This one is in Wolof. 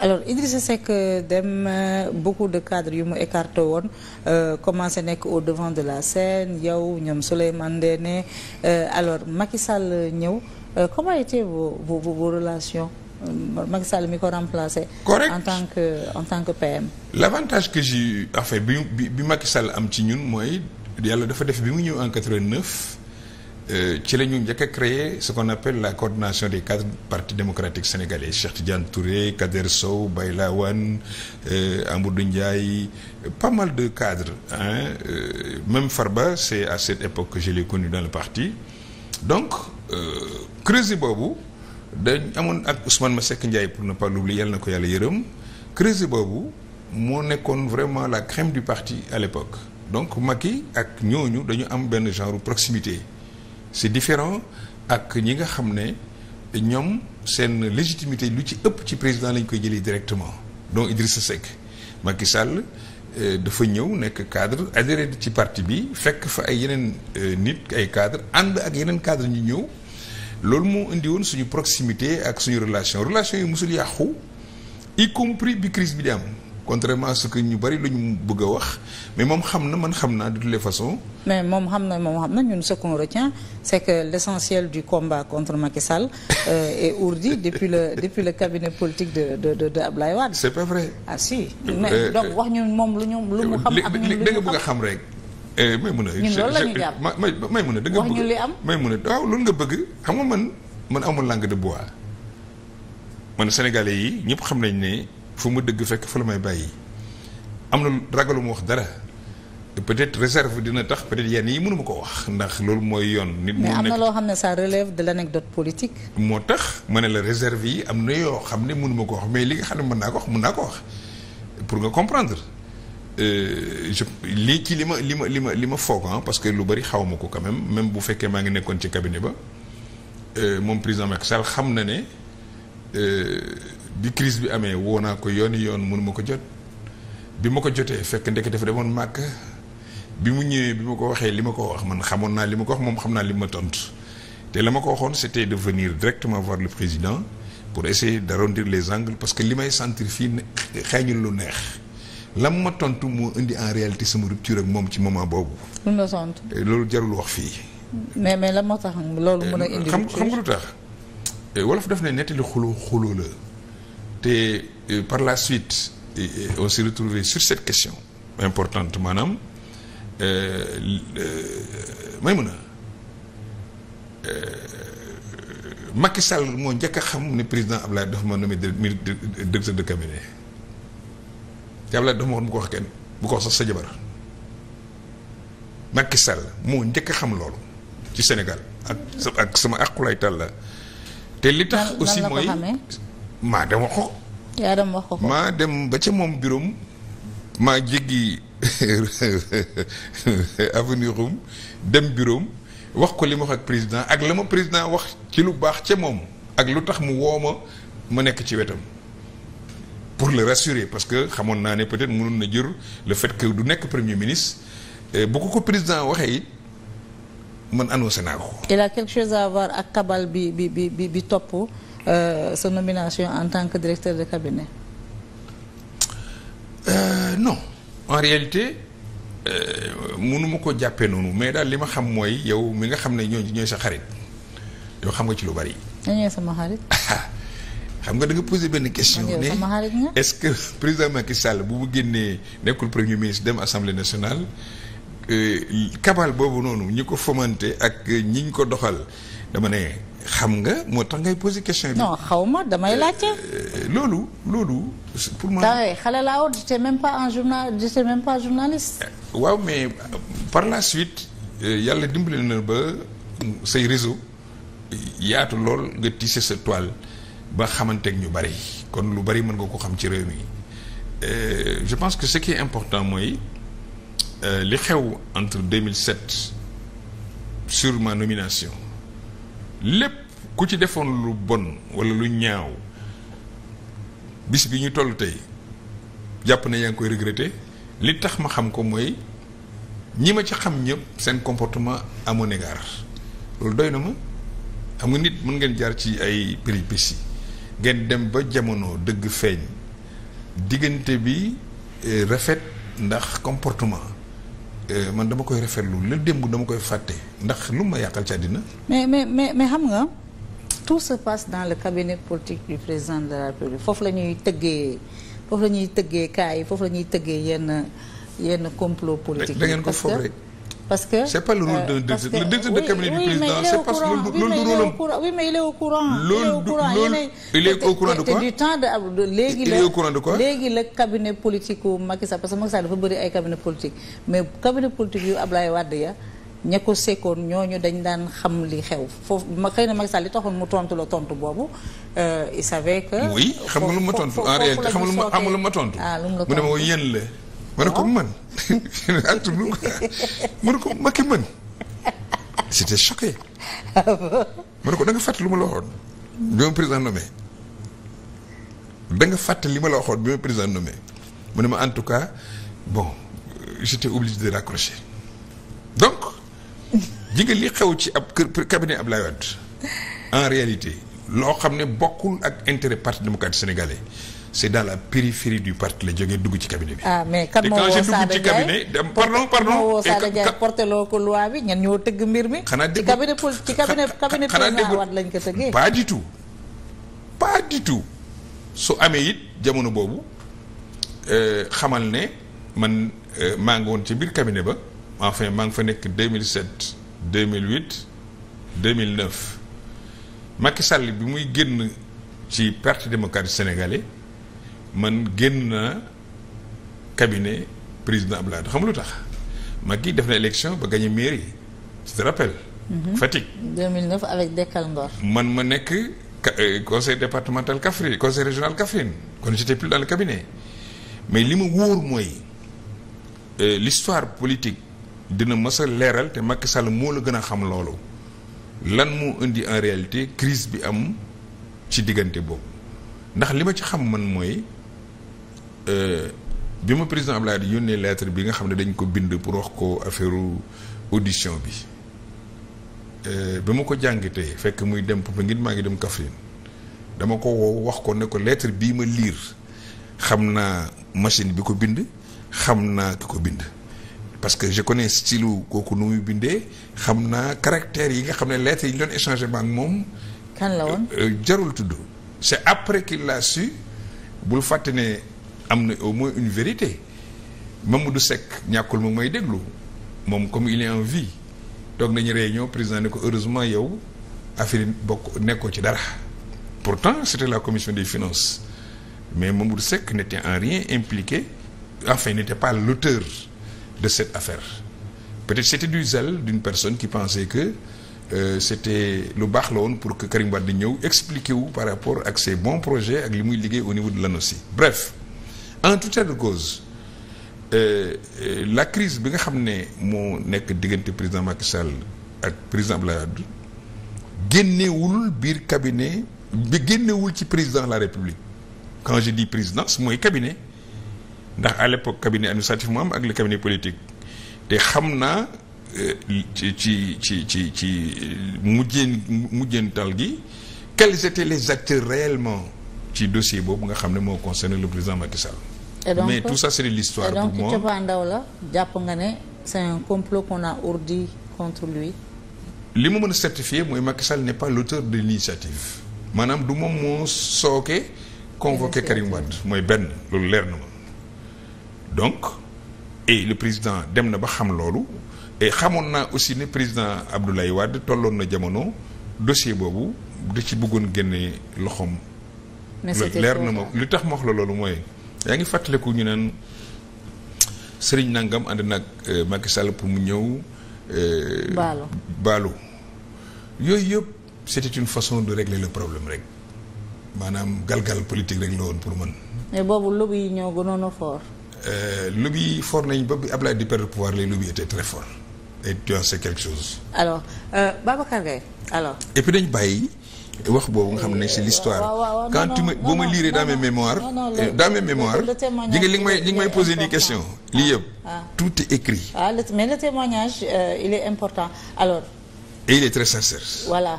alors Idrissa Seck euh, dem euh, beaucoup de cadres yu mu écarte woon euh, commencé nekk au devant de la scène yow ñoom Souleymane Ndéné alors Macky Sall ñëw comment était vos vos relations Macky Sall mi ko remplacé. correct en tant que en tant que PM. l'avantage que j'ai en fait bi bi Macky Sall am ci ñun mooy yàlla dafa def bi mu ñëw en 89. Euh, ci la ñu njëkk a créé ce qu'on appelle la coordination des cadres parti démocratique sénégalais Cheikh Tidiane Touré Kader Sow Bayla Wane euh, Amadou Ndiaye pas mal de cadres hein euh, même ba c'est à cette époque que je l'ai dans le parti donc creuser boobu dañ amoon ak ma Masseck Ndiaye pour ne pas l'oublier yàlla na ko yàlla yërëm creuser boobu moo nekkoon vraiment la crème du parti à l'époque donc Macky ak ñooñu dañu am benn genre proximité c'est différent ak ñi nga xam ne ñoom seen légitimité lu ci ëpp ci président lañ koy jëlee directement donc Idrissa Seck Macky Sall euh, dafa ñëw nekk cadre adhéré ci partie bi fekk fa ay yeneen euh, nit ay cadre ànd ak yeneen cadre ñu ñëw loolu moo indi woon suñu proximité ak suñu relation relation yi mosul yàqu y compris bi crise bi di am contrairement à que ñu bari lu ñu bëgg a wax mais moom xam na man xam naa de toutes les façons. mais moom xam na moom xam na ñun ce qu'on retient c'est que l'essentiel du combat contre Macky Sall euh, est depuis le depuis le cabinet politique de de de, de Ablaye Wade. c'est pas vrai. ah si euh, donc wax ñu moom lu ñu lu mu euh, xam ak ñun lu ñu bëgg a xam rek. Eh, may mun a. ñun loolu la ñu jàpp may mun a. da nga bëgg am may mun a waaw loolu nga bëgg xam nga man man amul langue de bois man sénégalais yi ñëpp xam nañ ne. fu ma dëgg fekk fa la may bàyyi am na ragalu ma wax dara peut-être réserve dina tax peut-être yenn yi mënuma ko wax ndax loolu mooy yoon. nit moo nekk mais am na loo xam ne ça relève de l'anecdote politique. moo tax ma ne la réserve yi am na yoo xam ne mënuma ko wax mais li nga xam ne mën naa ko wax mën naa ko wax pour nga comprendre euh, je lii ci li ma li ma li ma li ma foog parce que lu bari xaw ma ko quand même même bu fekkee maa ngi nekkoon ci cabinet ba euh, moom président Macky Sall xam na ne. Euh, bi crise bi amee woo naa ko yooni yoon mënu ma ko jot bi ma ko jotee fekk ndekk dafa demoon màkk bi mu ñëwee bi ma ko waxee li ma ko wax man xamoon naa li ma ko wax moom xam naa li ma tontu te la ma ko waxoon c'était de venir directement voir le président pour essayer d'arrondir les angles parce que li may sentir fii xeeñul lu neex la ma tontu moo indi en réalité sama rupture ak moom ci moment boobu. loolu jarul wax fii. mais mais lan moo tax loolu mën a Euh, wolof def ne nettali xuloo xuloo la te euh, par la suite euh, on s'est retrouvé sur cette question importante maanaam may mun a Macky Sall moo njëkk xam ne président Ablaye dafa ma nommé directeur de cabinet te Ablaye dafa ma waxoon bu ko wax kenn bu ko wax sa jabar Macky Sall moo njëkk a xam loolu ci Sénégal ak ak sama aqulay tàlla te li tax aussi mooy maa dem wax ko. yaa dem ko maa dem ba ca moom bureau maa jéggi avenue Rum dem buroom wax ko li ma wax ak président ak la ma président wax ci lu baax ca moom ak lu tax mu woo ma ma nekk ci wetam. pour le rassurer parce que xamoon naa ne peut-être mënoon na jur le fait que du nekk premier ministre bu ko ko président waxee it man annoncé naa ko. il a quelque chose à voir ak kabal bi bi bi bi bi topp euh, sa nomination en tant que directeur de cabinet. Euh, non en réalité euh, mënuma ko jàppee noonu mais daal li ma xam mooy yow mi nga xam ne ñooñu ñooy sa xarit yow xam nga ci lu bari. ñooñu sama xarit. xam nga da nga benn question ne est-ce que président Macky Sall bu mu génnee nekkul premier ministre dem assemblée nationale. kabal euh, boobu noonu ñi ko fomante ak ñiñ ko doxal dama ne xam nga moo tax ngay poser question bi. non xaw ma damay euh, laajte. Euh, loolu loolu. pour moi xale laa woon j'étais même pas un journal j'étais même pas journaliste. waaw mais par la suite yàlla dimbali na ba say réseau yaatu lool nga tisser sa toile ba xamanteeg ñu bari kon lu bari mën nga ko xam ci réew mi je pense que ce important mooy. Euh, li xew entre 2007 sur ma nomination lépp ku ci defoon lu bon walla lu ñaaw bis bi ñu toll tey jàpp na yaa ngi koy regretter li tax ma xam ko mooy ñi ma ci xam ñëpp seen comportement à mon égard loolu doy na ma xam nga nit mun ngeen jaar ci ay péripéties ngeen dem ba jamono dëgg feeñ diggante bi eh, rafet ndax comportement Euh, man dama koy rafetlu lu démb dama koy fàtte ndax lu ma yàqal ci àddina mais mais mais mais xam nga tout se passe dans le cabinet politique du président de la République foofu la ñuy tëggee foofu la ñuy tëggee kaay foofu la ñuy tëggee yenn yenn complot politique da ngeen ko foog rek parce que c'est pas le rôle d'un directeur de cabinet du président c'est parce que loolu du rôle oui mais il est au loolu il est du temps léegi la il est au courant de quoi cabinet politique u parce que Macky dafa bëri ay cabinet politique mais cabinet politique yu Ablaye Wade ya ña ko sekkoon ñooñu dañ daan xam li xew foofu ma xëy na Macky Sall li taxoon mu tontu la tontu boobu euh, il savait que oui xam ma tontu en réalité xam ma tontu ah, la tontu mu ne ma yéen ma a ko mën atunu ma ne ko Macky mën c'était choqué. ma ne ko da nga lu ma la waxoon. bi ma président nommé da nga fàtte li ma la waxoon bi ma président nommé mu ne ma en tout cas bon j'étais obligé de raccrocher donc ji li xew ci ab kër cabinet Abdoulaye Wade en réalité loo xam ne bokkul ak intérêt parti démocratique sénégalais. c'est dans la périphérie du parti la jógee dugg ci cabinet bi. ah mais kan moo woo Sada Ndiaye pardon pardon. moo woo Sada Ndiaye porté loo ko loi bi ñan ñoo tëgg mbir mi. xanaa dégg ci cabinet pas du tout pas du tout su amee it jamono boobu euh, xamal ne man euh, maa ngi woon ci biir cabinet ba enfin maa ngi fa nekk 2007 2008 2009 Macky Sall bi muy génn ci parti démocratique sénégalais. man génn naa cabinet président Abdoulaye xam lu tax mag Macky def na élection ba gagné mairie tu te rappelles. Mhm. Fatick. 2009 avec Dekkal man ma nekk euh, conseil départemental Kaffrine conseil régional Kaffrine kon j'étais plus dans le mais li ma wóor mooy euh, l'histoire politique dina mës leeral te Macky Sall moo la gën a xam loolu lan moo indi en réalité crise bi am ci diggante boobu ndax li ma ci xam man mooy. bi ma président Abdoulaye di yónnee lettre bi nga xam ne dañ ko bind pour wax ko affaire audition bi euh, bi ma ko jàngitee fekk muy dem Popenguine maa ngi dem Kaffrine dama ko woo wax ko ne ko lettre bii ma liir xam naa machine bi ko bind xam naa ki ko bind parce que je connais style kooku nu muy bindee xam naa caractères yi nga xam ne lettres yi ñu doon échangé ma ak moom. kan la woon euh, euh, jarul tudd. c'est après qu'il l'a su bul fàtte ne. am na au moins une vérité ma du Seck ñàkkul moom may déglu moom comme il est en vie toog nañu réunion président ne ko heureusement yow afrin bokk nekkoo ci dara pourtant c'était la commission des finances mais Mamadou Seck n'était en rien impliqué enfin n'était pas l'auteur de cette affaire peut-être c'était du zèle d'une personne qui pensait que Euh, c'était lu baax la woon pour que Karim Wade ñëw expliquer wu par rapport ak ses bons projets ak li muy liggéey au niveau de l'ANOCI bref en tout état de cause euh, euh, la crise bi nga xam ne moo nekk diggante président Macky ak président Abdoulaye Wade génnewul biir cabinet bi génnewul ci président de la République quand je dis présidence mooy cabinet ndax à l'époque cabinet administratif moo ak le cabinet politique te xam naa euh, ci ci ci ci ci mujjeen mujjeental gi quels étaient les acteurs réellement ci dossier boobu nga xam ne moo concerné le président Macky Sall donc mais tout ça c'est de l'histoire pour moi et la jàpp nga ne c'est un complot qu'on a ourdi contre lui. li ma mën a certifier mooy Macky Sall n'est pas l'auteur de maanaam du moom moo sooke convoqué mooy benn loolu leer na ma donc et le président dem na ba xam loolu et xamoon naa aussi ne président Abdoulaye Wade tolloon na jamono dossier boobu da ci bëggoon génne loxoom. leer na ma li tax ma wax la loolu mooy. yaa ngi fàttaliku ñu naan sëriñ Nangam ànd nag euh, Macky Sall pour mu ñëw. Euh, Baalu Baalu. yooyu yëpp c'était une façon de régler le problème rek maanaam galgal politique rek la woon pour man mais boobu lobby yi ñoo gënoon a fort. Euh, lobby yi foor nañ ba bi Ablaye di perdre pouvoir les lobby étaient très forts et tu en sais quelque chose. alors euh, Babacar Gaye alors. et puis dañ bàyyi. wax boobu nga xam ne c'est l'histoire quand tu ma boo ma lire dans mes mémoires euh, dans mes mémoires ji nga li nga may li nga may poser des questions ah. Ah. écrit ah, mais le témoignage euh, il est important alors il est très sincère voilà